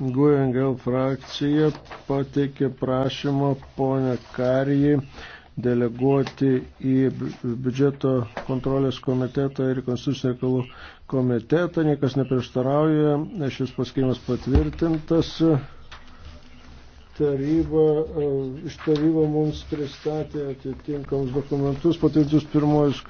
Guengel frakcija pateikė prašymą ponę Karijai deleguoti į biudžeto kontrolės komitetą ir konstitucinio reikalų komitetą. Niekas neprieštarauja, šis paskirimas patvirtintas. Taryba, e, iš taryba mums pristatė atitinkamus dokumentus, patvirtintus pirmojus skaičius.